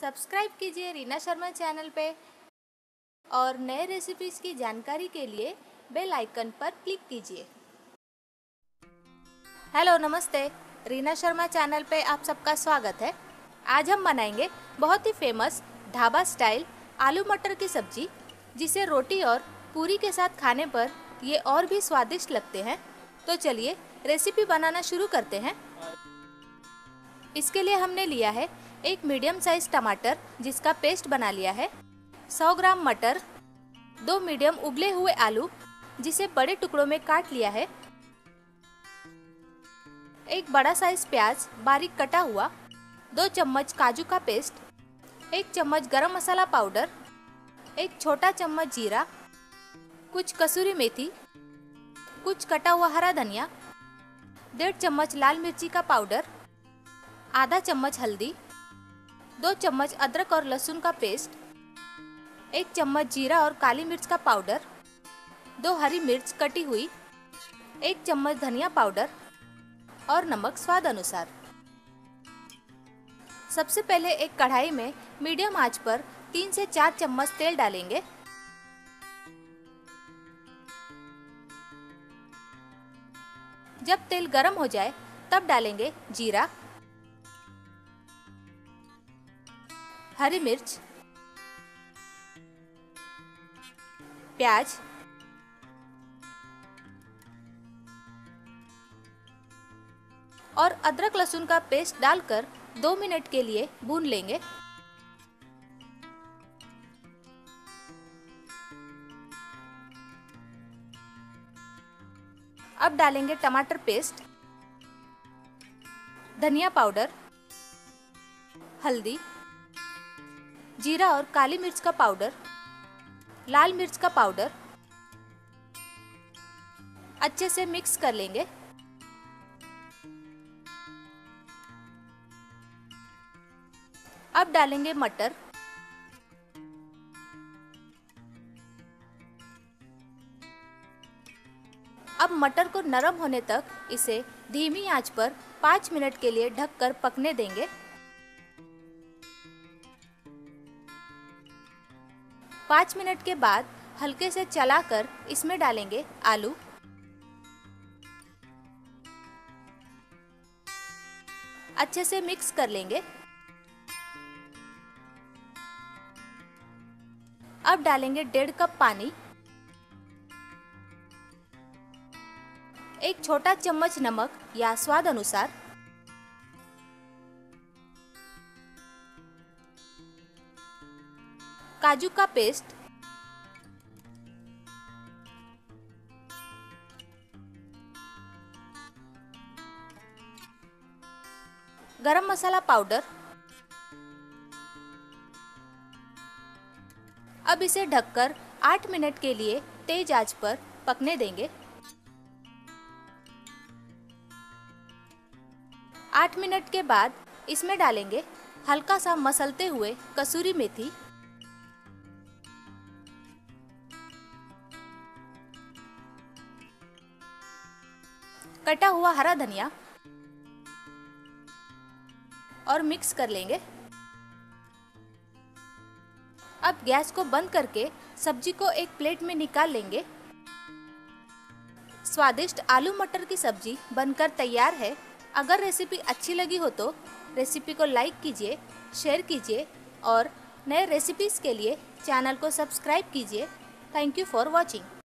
subscribe कीजिए Reena Sharma channel पे और नए रेसिपीज़ की जानकारी के लिए बेल आइकन पर क्लिक कीजिए हेलो नमस्ते रीना शर्मा चैनल पे आप सबका स्वागत है आज हम बनाएंगे बहुत ही फेमस ढाबा स्टाइल आलू मटर की सब्जी जिसे रोटी और पूरी के साथ खाने पर ये और भी स्वादिष्ट लगते हैं तो चलिए रेसिपी बनाना शुरू करते हैं इसके लिए हमने लिया है एक मीडियम साइज टमाटर जिसका पेस्ट बना लिया है 100 ग्राम मटर दो मीडियम उबले हुए आलू जिसे बड़े टुकड़ों में काट लिया है एक बड़ा साइज प्याज बारीक कटा हुआ दो चम्मच काजू का पेस्ट एक चम्मच गरम मसाला पाउडर एक छोटा चम्मच जीरा कुछ कसूरी मेथी कुछ कटा हुआ हरा धनिया डेढ़ चम्मच लाल मिर्ची का पाउडर आधा चम्मच हल्दी दो चम्मच अदरक और लहसुन का पेस्ट एक चम्मच जीरा और काली मिर्च का पाउडर दो हरी मिर्च कटी हुई एक चम्मच धनिया पाउडर और नमक स्वाद अनुसार सबसे पहले एक कढ़ाई में मीडियम आंच पर तीन से चार चम्मच तेल डालेंगे जब तेल गरम हो जाए तब डालेंगे जीरा हरी मिर्च प्याज और अदरक लहसुन का पेस्ट डालकर दो मिनट के लिए भून लेंगे अब डालेंगे टमाटर पेस्ट धनिया पाउडर हल्दी जीरा और काली मिर्च का पाउडर लाल मिर्च का पाउडर अच्छे से मिक्स कर लेंगे अब डालेंगे मटर अब मटर को नरम होने तक इसे धीमी आंच पर 5 मिनट के लिए ढककर पकने देंगे पाँच मिनट के बाद हल्के से चलाकर इसमें डालेंगे आलू अच्छे से मिक्स कर लेंगे अब डालेंगे डेढ़ कप पानी एक छोटा चम्मच नमक या स्वाद अनुसार काजू का पेस्ट गरम मसाला पाउडर अब इसे ढककर 8 मिनट के लिए तेज आंच पर पकने देंगे 8 मिनट के बाद इसमें डालेंगे हल्का सा मसलते हुए कसूरी मेथी कटा हुआ हरा धनिया और मिक्स कर लेंगे अब गैस को बंद करके सब्जी को एक प्लेट में निकाल लेंगे स्वादिष्ट आलू मटर की सब्जी बनकर तैयार है अगर रेसिपी अच्छी लगी हो तो रेसिपी को लाइक कीजिए शेयर कीजिए और नए रेसिपीज़ के लिए चैनल को सब्सक्राइब कीजिए थैंक यू फॉर वॉचिंग